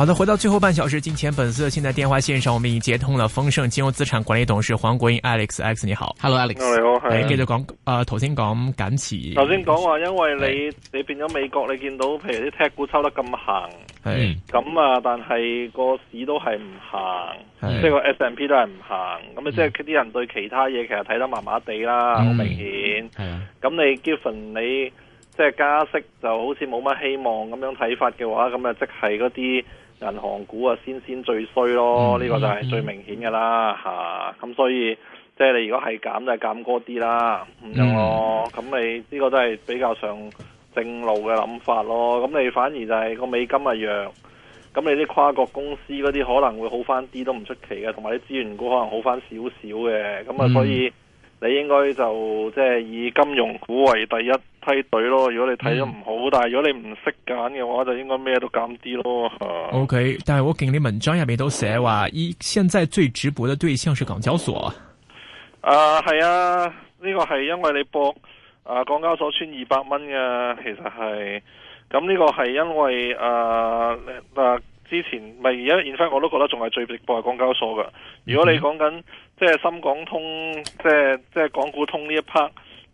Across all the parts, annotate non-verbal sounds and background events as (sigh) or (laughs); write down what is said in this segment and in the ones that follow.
好的，回到最後半小時金錢本色，現在電話線上，我們已經接通了豐盛金融資產管理董事黃國英 Alex X，你好，Hello Alex，好，Hello，Hello 誒，頭先、uh, 講減持，頭、呃、先講話因為你是你變咗美國，你見到譬如啲踢股抽得咁行，係咁是、嗯、啊，但係個市都係唔行，是即係個 S&P 都係唔行，咁啊即係啲人對其他嘢其實睇得麻麻地啦，好、嗯、明顯，咁、啊、你 Gavin 你即係加息就好似冇乜希望咁樣睇法嘅話，咁啊即係嗰啲。銀行股啊，先先最衰咯，呢、嗯、個就係最明顯噶啦吓，咁、啊、所以即係你如果係減就係減多啲啦，咁樣咯，咁、嗯、你呢個都係比較上正路嘅諗法咯，咁你反而就係個美金啊弱，咁你啲跨國公司嗰啲可能會好翻啲都唔出奇嘅，同埋啲資源股可能好翻少少嘅，咁啊所以你應該就即係以金融股為第一。梯隊咯，如果你睇得唔好，嗯、但係如果你唔識揀嘅話，就應該咩都減啲咯。啊、OK，但係我見你文章入面都寫話，依現在最直播嘅對象是港交所。啊，係啊，呢、這個係因為你博啊，港交所穿二百蚊嘅，其實係咁呢個係因為啊啊之前咪而家現翻，現我都覺得仲係最直播係港交所噶。如果你講緊、嗯、即係深港通，即係即係港股通呢一 part。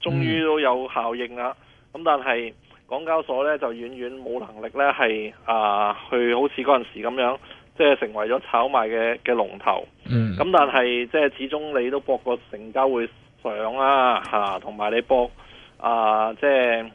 終於都有效應啦，咁但係港交所呢，就遠遠冇能力呢。係、呃、啊，去好似嗰陣時咁樣，即係成為咗炒賣嘅嘅龍頭。嗯，咁但係即係始終你都博個成交會上啦、啊。嚇、啊，同埋你博啊、呃，即係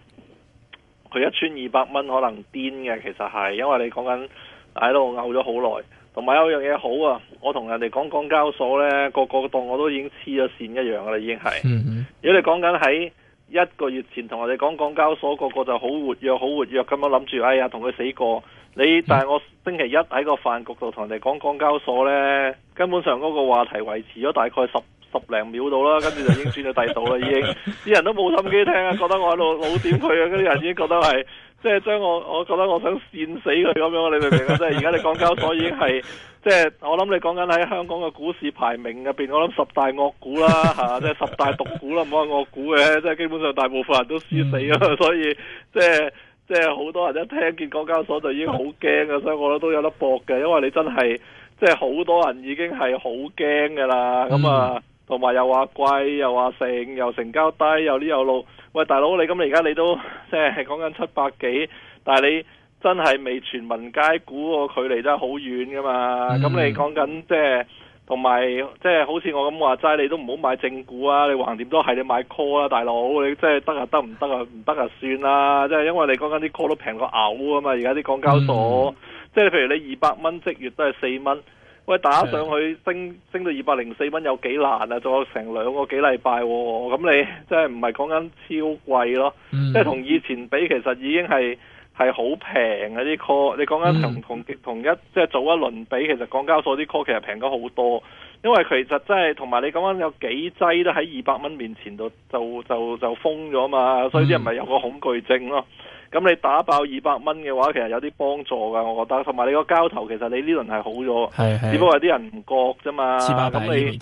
佢一千二百蚊可能癲嘅，其實係因為你講緊喺度嘔咗好耐。同埋有樣嘢好啊，我同人哋講港交所呢，個個當我都已經黐咗線一樣啦，已經係。如果你講緊喺一個月前同人哋講港交所，個個就好活躍，好活躍咁樣諗住，哎呀，同佢死過。你但係我星期一喺個飯局度同人哋講港交所呢，根本上嗰個話題維持咗大概十十零秒到啦，跟住就已經轉到第度啦，已經啲人都冇心機聽啊，覺得我喺度老點佢啊，跟啲人已經覺得係即係將我，我覺得我想扇死佢咁樣，你明唔明啊？即係而家你港交所已經係即係我諗你講緊喺香港嘅股市排名入邊，我諗十大惡股啦、 (laughs) 啊、即係十大毒股啦，唔好話惡股嘅，即係基本上大部分人都輸死啊，嗯、所以即係即係好多人一聽見港交所就已經好驚啊，所以我覺得都有得搏嘅，因為你真係即係好多人已經係好驚噶啦，咁、嗯、啊～同埋又話貴，又話成，又成交低，又呢又路。喂，大佬，你咁你而家你都即係講緊七百幾，但係你真係未全民皆股個距離真係好遠噶嘛？咁、嗯、你講緊即係同埋即係好似我咁話齋，你都唔好買正股啊！你橫掂都係你買 call 啊，大佬，你即係得啊得唔得啊？唔得啊，算啦，即係因為你講緊啲 call 都平過牛啊嘛，而家啲港交所，即係、嗯、譬如你二百蚊即月都係四蚊。喂，打上去升升到二百零四蚊有幾難啊？仲有成兩個幾禮拜、啊，咁你真係唔係講緊超貴咯？嗯、即係同以前比，其實已經係。係好平嘅啲 call，你講緊同同同一即係早一輪比，其實港交所啲 call 其實平咗好多，因為其實真係同埋你講緊有幾隻都喺二百蚊面前度就就就，就封咗嘛，所以啲人咪有個恐懼症咯。咁、嗯、你打爆二百蚊嘅話，其實有啲幫助噶，我覺得。同埋你個交投其實你呢輪係好咗，係係只不過啲人唔覺啫嘛。咁係你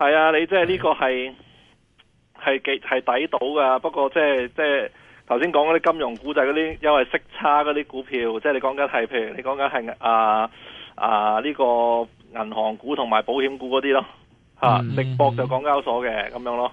沒啊，你即係呢個係係幾係抵到噶，不過即係即係。即係頭先講嗰啲金融股就係嗰啲，因為息差嗰啲股票，即係你講緊係，譬如你講緊係啊啊呢個銀行股同埋保險股嗰啲咯，mm hmm. 力博就港交所嘅咁樣咯。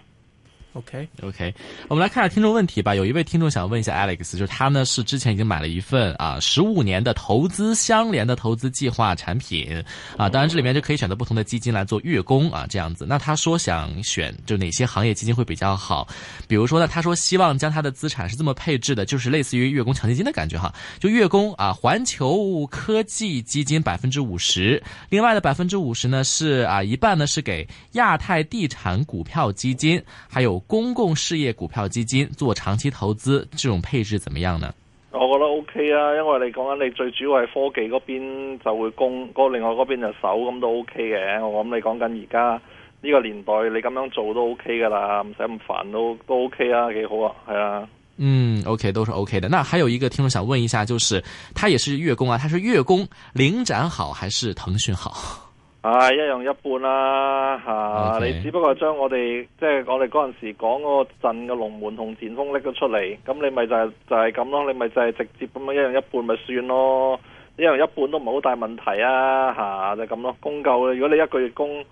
OK OK，我們來看下聽眾問題吧。有一位聽眾想問一下 Alex，就是他呢是之前已經買了一份啊十五年的投資相連的投資計劃產品啊，當然這裏面就可以選擇不同的基金來做月供啊這樣子。那他說想選就哪些行業基金會比較好？比如說呢，他說希望將他的資產是這麼配置的，就是類似於月供強積金的感覺哈，就月供啊環球科技基金百分之五十，另外的百分之五十呢是啊一半呢是給亞太地產股票基金，還有公共事業股票基金做長期投資，這種配置怎麼樣呢？我覺得 OK 啊，因為你講緊你最主要係科技嗰邊就會攻，另外嗰邊就守，咁都 OK 嘅。我諗你講緊而家呢個年代你咁樣做都 OK 噶啦，唔使咁煩都都 OK 啊，幾好啊，係啊。嗯，OK，都是 OK 的。那還有一個聽眾想問一下，就是他也是月供啊，他是月供，領展好還是騰訊好？啊，一樣一半啦、啊、嚇！啊、Okay. 你只不過將我哋即係我哋嗰陣時講嗰個陣嘅龍門同前鋒拎咗出嚟，咁你咪就係、是、就係咁咯，你咪就係直接咁樣一樣一半咪算咯，一樣一半都唔係好大問題啊嚇、啊，就咁、是、咯。供夠，如果你一個月供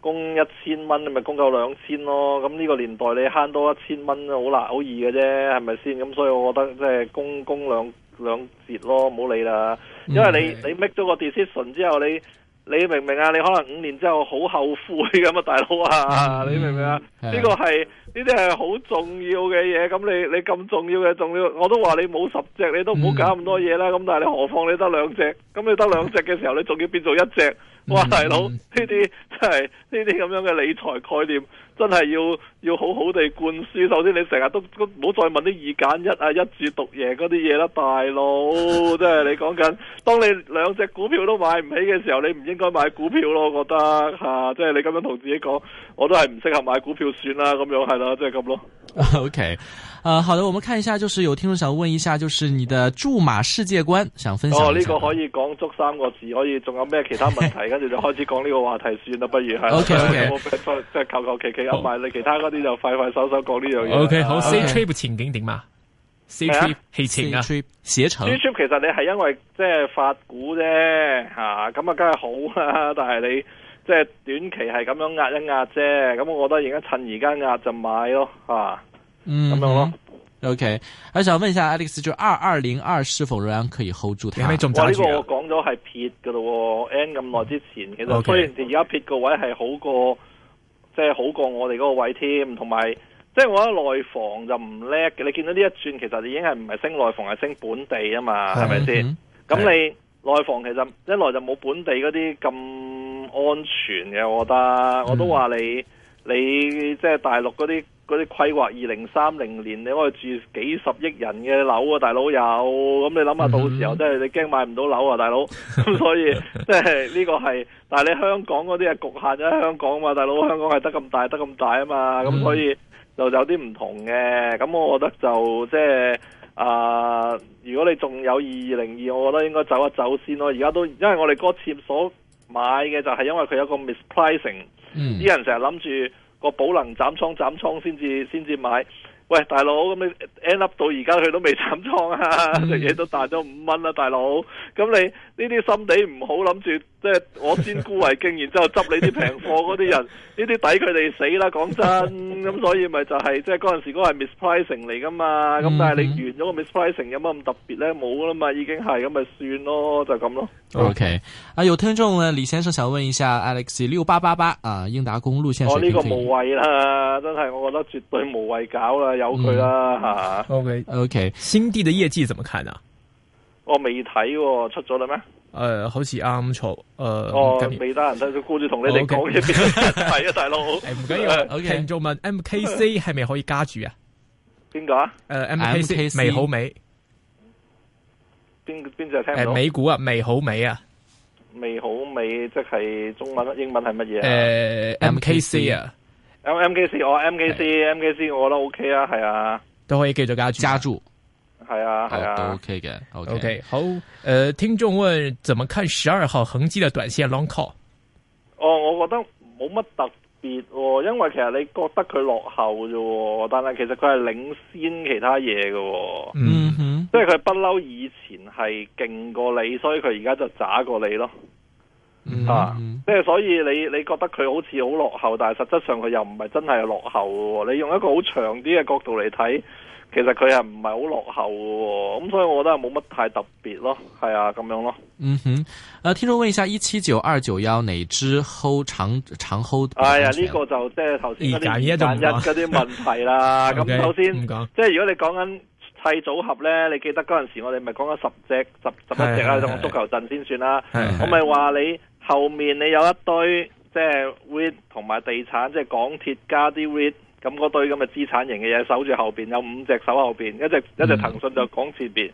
供一千蚊，你咪供夠兩千咯。咁呢個年代你慳多一千蚊都好難好易嘅啫，係咪先？咁所以我覺得即係供供兩兩折咯，唔好理啦。因為你 Okay. 你 make 咗個 decision 之後你。你明唔明啊？你可能五年之後好後悔咁啊，大佬啊！你明唔明啊？呢個係呢啲係好重要嘅嘢。咁你你咁重要嘅重要，我都話你冇十隻，你都唔好搞咁多嘢啦。咁、嗯、但係你何況你得兩隻兩隻？咁你得兩隻嘅時候，你仲要變做一隻哇，大佬呢啲真係呢啲咁樣嘅理財概念。.真係要要好好地灌輸。首先，你成日都都唔好再問啲二揀一啊、一注獨贏」嗰啲嘢啦，大佬。即係 (laughs) 你講緊，當你兩隻股票都買唔起嘅時候，你唔應該買股票咯。我覺得吓、啊，即係你咁樣同自己講，我都係唔適合買股票算啦。咁樣係啦，即係咁咯。OK，誒、uh,，好的，我們看一下，就是有聽眾想問一下，就是你的注碼世界觀想分享一下哦，呢、oh, 個可以講足三個字，可以仲有咩其他問題，跟住就開始講呢個話題算啦。不如係 OK，即 okay .係求求其。有埋你其他嗰啲就快快手手講呢樣嘢。O、okay, K，好 okay, C trip 前景點啊 C trip 戲情啊，携程。C trip 其實你係因為即係發股啫，吓咁啊，梗係好啦、啊。但係你即係、就是、短期係咁樣壓一壓啫。咁我覺得而家趁而家壓就買咯，吓、啊。嗯，咁樣咯。嗯、o、okay、K，我想問一下 Alex，就二二零二是否仍然可以 hold 住？我呢、啊這個我講咗係撇噶咯 e n 咁耐之前，okay, 其實雖然而家撇個位係好過。即係好過我哋嗰個位添，同埋即係我覺得內房就唔叻嘅。你見到呢一轉，其實已經係唔係升內房，係升本地啊嘛？係咪先？咁、嗯、你內房其實的一來就冇本地嗰啲咁安全嘅，我覺得、嗯、我都話你你即係大陸嗰啲。嗰啲規劃，二零三零年你可以住幾十億人嘅樓啊，大佬有咁你諗下，到時候、嗯、哼真係你驚買唔到樓啊，大佬， (laughs) 咁所以即係呢個係，但係你香港嗰啲係局限咗香港啊嘛，大佬香港係得咁大得咁大啊嘛，咁、嗯、所以就有啲唔同嘅，咁我覺得就即係、呃、如果你仲有二二零二，我覺得應該走一走先咯，而家都因為我哋嗰個所買嘅就係因為佢有個 mispricing，啲、嗯、人成日諗住。個保能斬倉，斬倉，斬倉，斬倉先至先至買。喂，大佬咁你 end up 到而家佢都未斬倉啊，隻嘢 (laughs) 都大咗五蚊啦、啊，大佬，咁你呢啲心地唔好，諗住。即係 (laughs) 我先沽為敬，然之後執你啲平貨嗰啲人，呢啲 (laughs) 抵佢哋死啦！講真，咁、 (laughs) 嗯、所以咪就係即係嗰陣時嗰個 mispricing 嚟噶嘛？咁、嗯、但係你完咗個 mispricing 有乜咁特別咧？冇啦嘛，已經係咁咪算，就是，咯，就咁咯。OK，啊，有聽眾咧，李先生想問一下 Alex 六八八八啊，英達公路線。我呢、哦這個無謂啦，真係我覺得絕對無謂搞啦，由佢啦吓。嗯啊、OK OK，新地嘅業績怎麼看啊？我未睇，出咗啦咩？誒，好似啱錯誒，哦，未得閒，故住同你哋講嘢。係啊，大佬，唔緊要。O K，繼問，M K C 係咪可以加注啊？邊個啊？誒，M K C，美好美。邊邊隻聽唔到美股啊，美好美啊。美好美即係中文、英文係乜嘢誒，M K C 啊，M K C，我 M K C，M K C，我覺得 O K 啊，係啊，都可以繼續加注。加注係啊係啊，哦、是啊都 OK 嘅。OK, OK 好，誒、呃，聽眾問，怎麼看十二號恒基嘅短線 long call？哦，我覺得冇乜特別喎、哦，因為其實你覺得佢落後啫、哦，但係其實佢係領先其他嘢嘅、哦。嗯哼、mm，hmm. 即係佢不嬲以前係勁過你，所以佢而家就渣過你咯。Mm hmm. 啊，即係所以你你覺得佢好似好落後，但係實質上佢又唔係真係落後的、哦。你用一個好長啲嘅角度嚟睇。其實佢係唔係好落後嘅，咁所以我覺得冇乜太特別咯，係啊咁樣咯。嗯哼，誒、呃，聽眾問一下一七九二九幺，92, 91, 哪隻 hold 長長 hold？hold, hold, hold, hold 哎呀，呢個就即係頭先嗰啲揀日嗰啲問題啦。咁首先，即係如果你講緊砌組合咧，你記得嗰陣時我哋咪講緊十隻十十一隻啊種、哎、呀足球陣先算啦、啊。哎、呀我咪話你、哎、呀後面你有一堆即係 REIT 同埋地產，即係港鐵加啲 REIT。咁嗰堆咁嘅資產型嘅嘢守住後面，有五隻守後面，一隻一隻騰訊就講前面。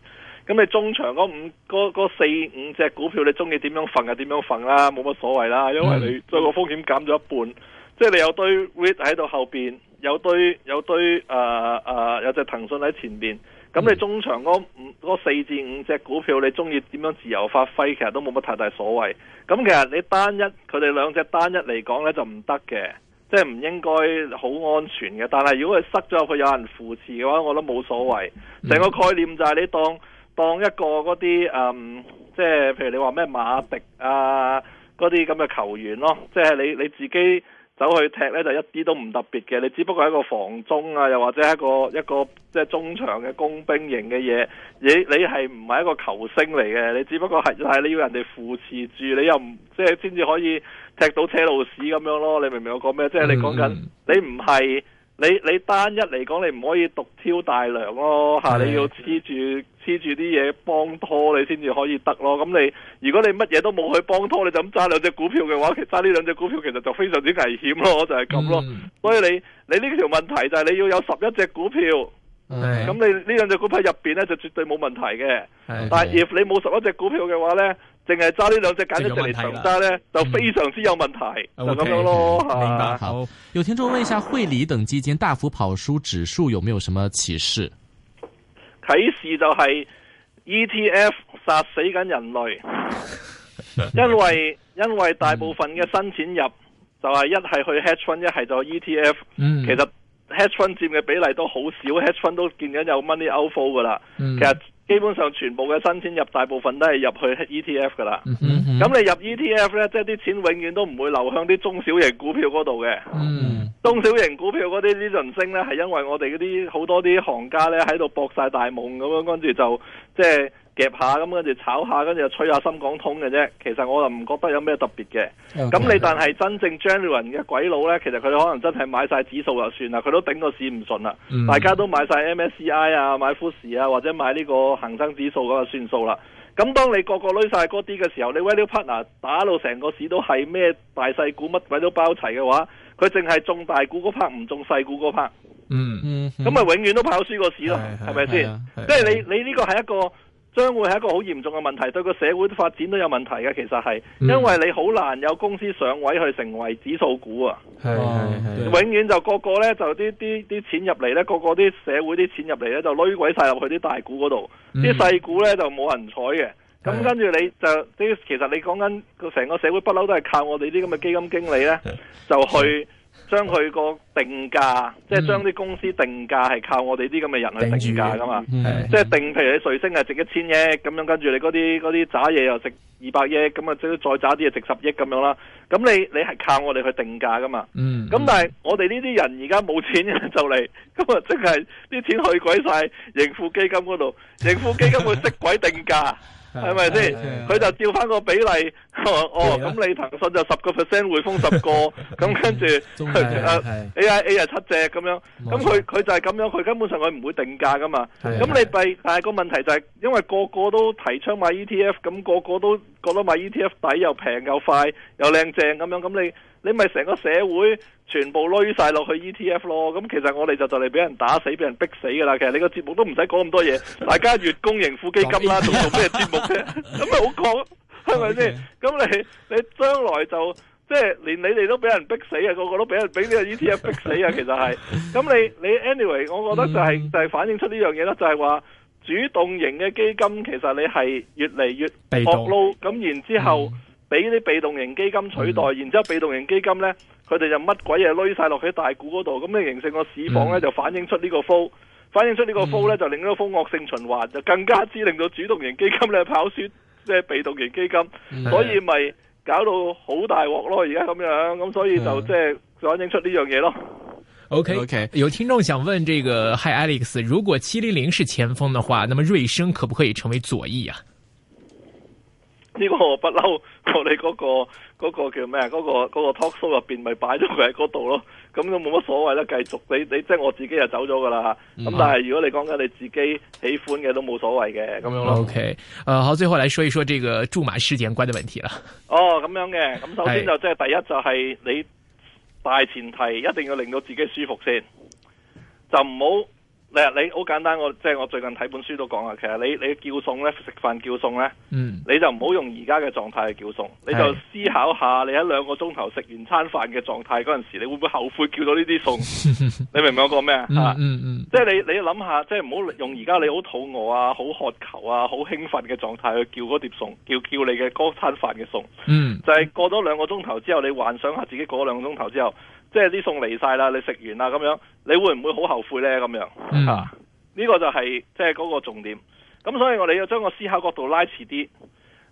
咁、嗯、你中場嗰五嗰嗰四五隻股票，你中意點樣分就點樣分啦，冇乜所謂啦，因為你最後風險減咗一半，嗯、即係你有堆 REIT 喺度後面，有堆有堆誒誒有隻騰訊喺前面。咁你中場嗰五四至五隻股票，你中意點樣自由發揮，其實都冇乜太大所謂。咁其實你單一佢哋兩隻單一嚟講呢，就唔得嘅。即係唔應該好安全嘅，但係如果佢塞咗佢有人扶持嘅話，我都冇所謂。成個概念就係你當當一個嗰啲誒，即係譬如你話咩馬迪啊嗰啲咁嘅球員咯，即係你你自己。走去踢呢，就一啲都唔特別嘅，你只不過係一個防中啊，又或者係一個一個即係中場嘅工兵型嘅嘢，你你係唔係一個球星嚟嘅？你只不過係係你要人哋扶持住，你又唔即係先至可以踢到車路士咁樣咯？你明唔明我講咩？嗯嗯即係你講緊你唔係。你你單一嚟講，你唔可以獨挑大樑咯，吓的你要黐住黐住啲嘢幫拖，你先至可以得咯。咁你如果你乜嘢都冇去幫拖，你就咁揸兩隻股票嘅話，其實揸呢兩隻股票其實就非常之危險咯，就係、是、咁咯。嗯、所以你你呢條問題就係你要有十一隻股票，咁的你呢兩隻股票入邊咧就絕對冇問題嘅。的但係 if 你冇十一隻股票嘅話咧。淨係揸呢兩隻揀出嚟，大家咧就非常之有問題，嗯、就咁樣咯。明白、啊、好。有聽眾問一下惠理等基金大幅跑輸指數，有沒有什麼啟示？啟示就係 ETF 殺死緊人類， (laughs) 因為因為大部分嘅新錢入、嗯、就係一係去 hedge fund，一係就 ETF。嗯。其實 hedge fund 佔嘅比例都好少，hedge fund 都見緊有 money outflow 噶啦。嗯、其實。基本上全部嘅新錢入大部分都係入去 ETF 噶啦，咁、mm hmm. 你入 ETF 呢，即係啲錢永遠都唔會流向啲中小型股票嗰度嘅。Mm hmm. 中小型股票嗰啲呢輪升呢，係因為我哋嗰啲好多啲行家呢喺度搏晒大夢咁樣，跟住就即係。就是夾下咁，跟住炒下，跟住就吹下深港通嘅啫。其實我又唔覺得有咩特別嘅。咁 Okay, 你但係真正 genuine 嘅鬼佬呢，其實佢可能真係買晒指數就算啦，佢都頂個市唔順啦。嗯、大家都買晒 MSCI 啊，買富時啊，或者買呢個恒生指數嗰就算數啦。咁當你個個攞晒嗰啲嘅時候，你 value partner 打到成個市都係咩大細股乜鬼都包齊嘅話，佢淨係中大股嗰 part 唔中細股嗰 part。咁、嗯、咪永遠都跑輸個市咯，係咪先？即係你你呢個係一個。將會係一個好嚴重嘅問題，對個社會發展都有問題嘅。其實係，因為你好難有公司上位去成為指數股啊。係係、嗯、永遠就個個呢就呢個個咧就啲啲啲錢入嚟咧，個個啲社會啲錢入嚟咧，就攞鬼晒入去啲大股嗰度，啲細、嗯、股咧就冇人採嘅。咁跟住你就啲，其實你講緊個成個社會不嬲都係靠我哋啲咁嘅基金經理咧就去。嗯將佢個定價，即係將啲公司定價係、嗯、靠我哋啲咁嘅人去定價噶嘛，即係定，定，譬如你瑞星係值一千億咁樣，跟住你嗰啲嗰啲渣嘢又值二百億，咁啊，即係再渣啲嘢值十億咁樣啦。咁你你係靠我哋去定價噶嘛？咁但係我哋呢啲人而家冇錢就嚟，咁啊即係啲錢去鬼晒盈富基金嗰度，盈富基金會識鬼定價。 (laughs) 係咪先？佢就調翻個比例，哦，咁你騰訊就十個 percent，匯豐十個，咁跟住，誒，A I A 啊七隻咁樣，咁佢佢就係咁樣，佢根本上佢唔會定價噶嘛。咁你第但係個問題就係，因為個個都提倡買 E T F，咁個個都覺得買 E T F 抵又平又快又靚正咁樣，咁你。你咪成個社會全部攞晒落去 ETF 咯，咁其實我哋就就嚟俾人打死，俾人逼死噶啦。其實你個節目都唔使講咁多嘢，大家月供盈富基金啦，仲樣做咩節目啫？咁咪 (laughs) (laughs) 好講，係咪先？咁 Okay. 你你將來就即係連你哋都俾人逼死啊，個個都俾人俾呢個 ETF 逼死啊。其實係，咁你你 anyway，我覺得就係、是嗯、就係反映出呢樣嘢啦，就係、是、話主動型嘅基金，其實你係越嚟越剝撈多，咁然之後。嗯俾啲被，被動型基金取代，嗯、然之後被動型基金呢，佢哋就乜鬼嘢攞晒落去大股嗰度，咁你形成個市況呢，嗯、就反映出呢個風，反映出呢個風呢，就令到風惡性循環，嗯、就更加之令到主動型基金咧跑輸即係被動型基金，所以咪搞到好大鑊咯，而家咁樣，咁所以就即係、嗯、反映出呢樣嘢咯。OK OK，有聽眾想問：，這個 Hi Alex，如果七零零是前鋒的話，那麼瑞聲可不可以成為左翼啊？呢個我不嬲、那個，我你嗰個嗰個叫咩啊？嗰、那個、那個 talk show 入邊咪擺咗佢喺嗰度咯，咁都冇乜所謂啦。繼續，你你即係、就是、我自己就走咗噶啦。咁但係如果你講緊你自己喜歡嘅都冇所謂嘅咁、嗯、樣咯。O K，誒，好，最後嚟說一說這個注碼世界觀嘅問題啦。哦，咁樣嘅，咁首先就即、是、係第一就係你大前提一定要令到自己舒服先，就唔好。你好簡單，我即係我最近睇本書都講啊，其實你你叫餸咧，食飯叫餸咧，嗯，你就唔好用而家嘅狀態去叫餸，你就思考下你喺兩個鐘頭食完餐飯嘅狀態嗰陣時，你會唔會後悔叫到呢啲餸？ (laughs) 你明唔明我講咩啊、嗯吧嗯？嗯嗯，即係你你諗下，即係唔好用而家你好肚餓啊、好渴求啊、好興奮嘅狀態去叫嗰碟餸，叫叫你嘅嗰餐飯嘅餸。嗯，就係過咗兩個鐘頭之後，你幻想下自己過咗兩個鐘頭之後。即係啲餸嚟晒啦，你食完啦咁樣，你會唔會好後悔呢？咁樣嚇，呢、mm hmm. 啊呢個就係即係嗰個重點。咁所以我哋要將個思考角度拉遲啲，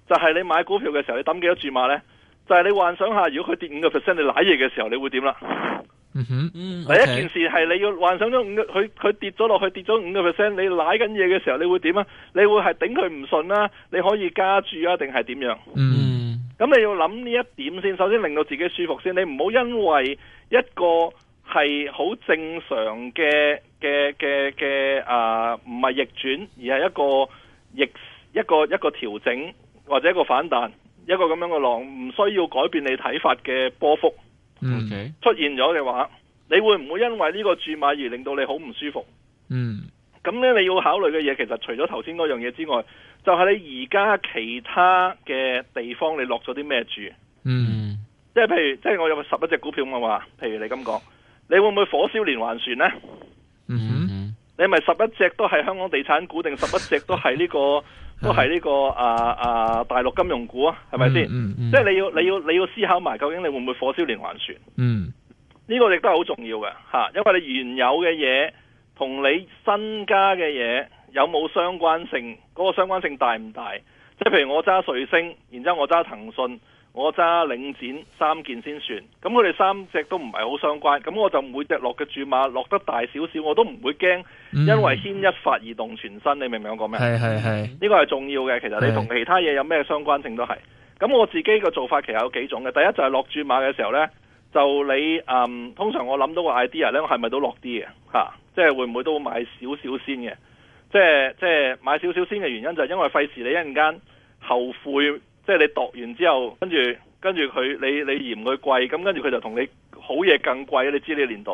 就係、是、你買股票嘅時候，你抌幾多注碼呢？就係、是、你幻想下，如果佢跌五個 percent，你瀨嘢嘅時候，你會點啦？嗯第、mm hmm. okay. 一件事係你要幻想咗五佢佢跌咗落去，跌咗五個 percent，你瀨緊嘢嘅時候，你會點啊？你會係頂佢唔順啦、啊？你可以加注啊？定係點樣？Mm hmm. 咁你要諗呢一點先，首先令到自己舒服先。你唔好因為一個係好正常嘅嘅嘅嘅啊，唔係逆轉，而係一個逆一個一個調整或者一個反彈一個咁樣嘅浪，唔需要改變你睇法嘅波幅。出現咗嘅話，你會唔會因為呢個注碼而令到你好唔舒服？嗯，咁你要考慮嘅嘢，其實除咗頭先嗰樣嘢之外。就係你而家其他嘅地方你了的，你落咗啲咩住？嗯，即係譬如，即係我有十一隻股票咁話，譬如你咁講，你會唔會火燒連環船呢？嗯，你咪十一隻都係香港地產股，定十一隻都係呢、呢個都係呢、呢個的啊啊大陸金融股啊？係咪先？嗯，即係你要你要你要思考埋，究竟你會唔會火燒連環船？嗯，呢個亦都係好重要嘅吓，因為你原有嘅嘢同你新加嘅嘢。有冇相關性？嗰、嗰個相關性大唔大？即係譬如我揸瑞星，然之後我揸騰訊，我揸領展三件先算。咁佢哋三隻都唔係好相關，咁我就每隻落嘅注碼落得大少少，我都唔會驚，因為牽一發而動全身。嗯、你明唔明我講咩？係係係，呢個係重要嘅。其實你同其他嘢有咩相關性都係。咁是我自己嘅做法其實有幾種嘅。第一就係落注碼嘅時候呢，就你嗯通常我諗到個 idea 呢，我係咪都落啲嘅吓？即係會唔會都買少少先嘅？即係即係買少少先嘅原因就係因為費事你一陣間後悔，即係你度完之後，跟住跟住佢你你嫌佢貴，咁跟住佢就同你好嘢更貴啊！你知呢個年代，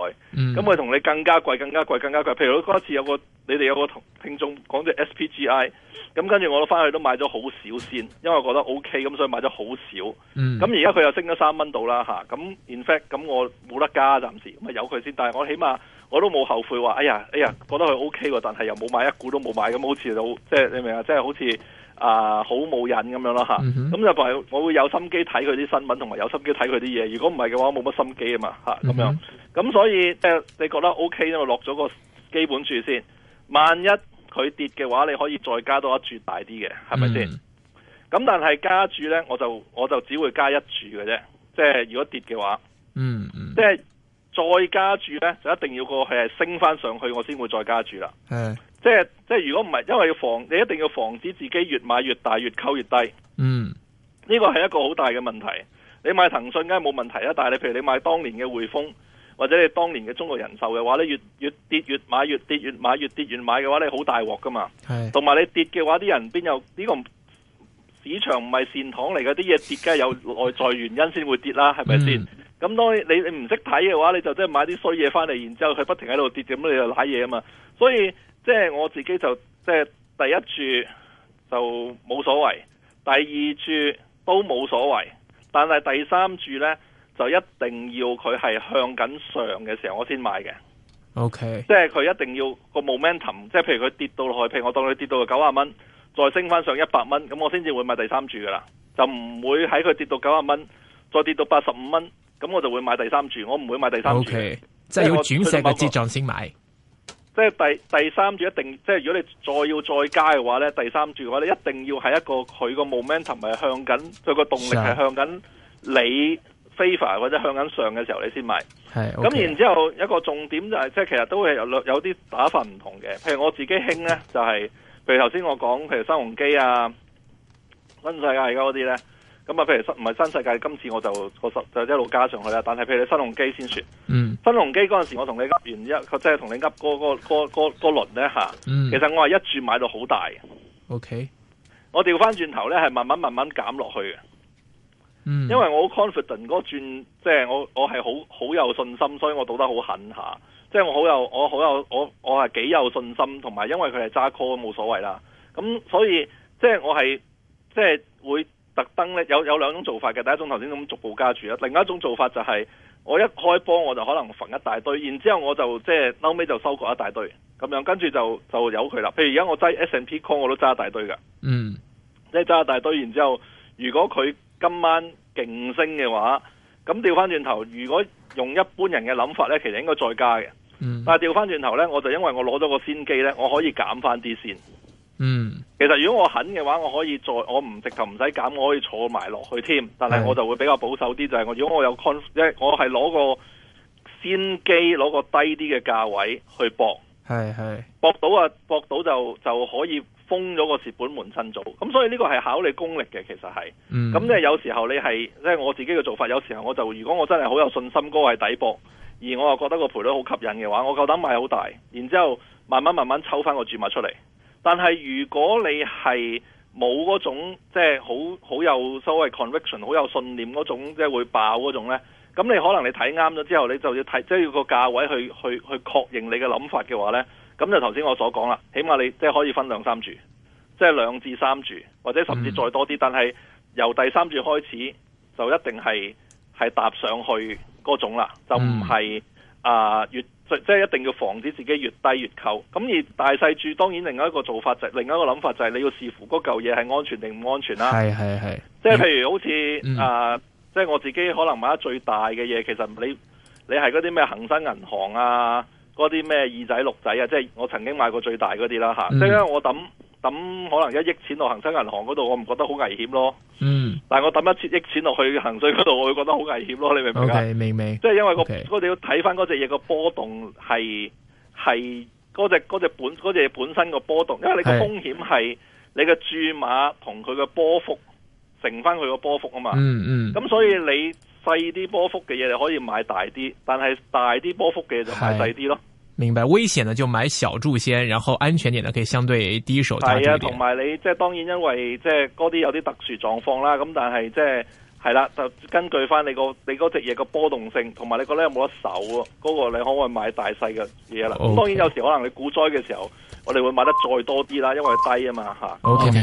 咁佢同你更，更加貴、更加貴、更加貴。譬如嗰次有個你哋有個聽眾講咗 SPGI，咁跟住我翻去都買咗好少先，因為我覺得 OK，咁所以買咗好少。咁而家佢又升咗三蚊度啦，吓，咁 in fact 咁我冇得加暫時，咪有佢先。但係我起碼。我都冇後悔話，哎呀，哎呀，覺得佢 O K 喎，但係又冇買，一股都冇買，咁好似就即係你明啊，即係好似啊好冇癮咁樣咯咁、mm hmm. 就係我會有心機睇佢啲新聞，同埋有，有心機睇佢啲嘢。如果唔係嘅話，冇乜心機啊嘛咁樣咁、mm hmm. 所以誒、呃，你覺得 O K 咧，落咗個基本注先。萬一佢跌嘅話，你可以再加多一注大啲嘅，係咪先？咁、mm hmm. 但係加注咧，我就我就只會加一注嘅啫。即係如果跌嘅話，嗯、mm，hmm. 即再加注呢，就一定要個係升翻上去，我先會再加注啦是。即係即係，如果唔係，因為要防，你一定要防止自己越買越大，越溝越低。嗯，呢個係一個好大嘅問題。你買騰訊梗係冇問題啦，但係你譬如你買當年嘅匯豐，或者你當年嘅中國人壽嘅話，你越越跌越買，越跌越買，越跌越買嘅話，你好大鑊㗎嘛。同埋是你跌嘅話，啲人邊有呢、呢個市場唔係善堂嚟嘅？啲嘢跌梗係有內在原因先會跌啦，係咪先？嗯咁當然，你你唔識睇嘅話，你就即係買啲衰嘢返嚟，然之後佢不停喺度跌點，你就揦嘢啊嘛。所以即係我自己就即係第一注就冇所謂，第二注都冇所謂，但係第三注呢，就一定要佢係向緊上嘅時候我先買嘅。OK，即係佢一定要個 momentum，即係譬如佢跌到落去，譬如我當佢跌到九啊蚊，再升翻上一百蚊，咁我先至會買第三注噶啦，就唔會喺佢跌到九啊蚊，再跌到八十五蚊。咁我就會買第三注。我唔會買第三注，okay，即係要轉勢嘅階段先買。個即係第第三注一定，即係如果你再要再加嘅話咧，第三注嘅話一定要係一個佢個 momentum 係向緊，佢個動力係向緊你 favor 或者向緊上嘅時候你先買。係，咁、okay、然之後一個重點就係、是，即係其實都會有有啲打法唔同嘅。譬如我自己興咧，就係、是、譬如頭先我講，譬如新鴻基啊、新世界啊而家嗰啲咧。咁啊，譬如新唔係新世界，今次我就個就一路加上去啦。但係譬如你新鴻基先說，嗯、新鴻基嗰陣時我同你噏完一，即係同你噏嗰個個個輪咧嚇。下嗯、其實我係一轉買到好大。OK，我調翻轉頭咧係慢慢慢慢減落去嘅。嗯，因為我 confident 嗰轉，即係我我係好好有信心，所以我賭得好狠下，即係我好有我好有我我係幾有信心，同埋因為佢係揸 call 冇所謂啦。咁所以即係我係即係會。特登咧有有兩種做法嘅，第一種頭先咁逐步加住啦，另一種做法就係、是、我一開波我就可能揈一大堆，然之後我就即係嬲尾就收嗰一大堆咁樣，跟住就就由佢啦。譬如而家我揸 S and P call 我都揸一大堆嘅，嗯，即係揸一大堆，然之後如果佢今晚勁升嘅話，咁調翻轉頭，如果用一般人嘅諗法呢，其實應該再加嘅，嗯、但係調翻轉頭呢，我就因為我攞咗個先機呢，我可以減翻啲先，嗯。其實如果我肯嘅話，我可以坐，我唔直頭唔使減，我可以坐埋落去添。但係我就會比較保守啲，就係、是、我如果我有 conf，即係我係攞個先機，攞個低啲嘅價位去搏，係係搏到啊，搏到就就可以封咗個蝕本門身做。咁所以呢個係考你功力嘅，其實係。咁即係有時候你係，即、就、係、是、我自己嘅做法。有時候我就如果我真係好有信心，高係抵博，而我又覺得個賠率好吸引嘅話，我夠膽買好大，然之後慢慢慢慢抽翻個注碼出嚟。但係如果你係冇嗰種即係好好有所謂 conviction、好有信念嗰種即係、就是、會爆嗰種呢。咁你可能你睇啱咗之後，你就要睇即係要個價位去去去確認你嘅諗法嘅話呢。咁就頭先我所講啦，起碼你即係可以分兩三住，即、就、係、是、兩至三住，或者甚至再多啲。嗯、但係由第三住開始就一定係係搭上去嗰種啦，就唔係啊越。即係一定要防止自己越低越溝。咁而大細注當然另一個做法就係、另一個諗法就係你要視乎嗰嚿嘢係安全定唔安全啦、啊。係係係，即係譬如好似、嗯、啊，即係我自己可能買得最大嘅嘢，其實你你係嗰啲咩恒生銀行啊，嗰啲咩二仔六仔啊，即係我曾經買過最大嗰啲啦嚇。即係因為我諗。抌可能一億錢落恒生銀行嗰度，我唔覺得好危險咯。嗯，但係我抌一千億錢落去恒指嗰度，我會覺得好危險咯。你明唔明？okay, 明明明。即係因為 okay. 個、嗰個，我哋要睇翻嗰隻嘢個波動係係嗰隻嗰隻本、嗰個、本身個波動，因為你個風險係你嘅注碼同佢嘅波幅乘翻佢個波幅啊嘛。嗯嗯。咁、嗯、所以你細啲波幅嘅嘢你可以買大啲，但係大啲波幅嘅就買細啲咯。明白，危險嘅就買小注先，然後安全點呢可以相對低手揸呢啲。係啊，同埋你即係當然因為即係嗰啲有啲特殊狀況啦，咁但係即係係啦，就根據翻你，嗰個，你嗰隻嘢個波動性，同埋你覺得你有冇得手啊？嗰，嗰個，你可唔可以買大細嘅嘢啦？咁 Okay. 當然有時可能你股災嘅時候，我哋會買得再多啲啦，因為低啊嘛，吓。Okay. okay.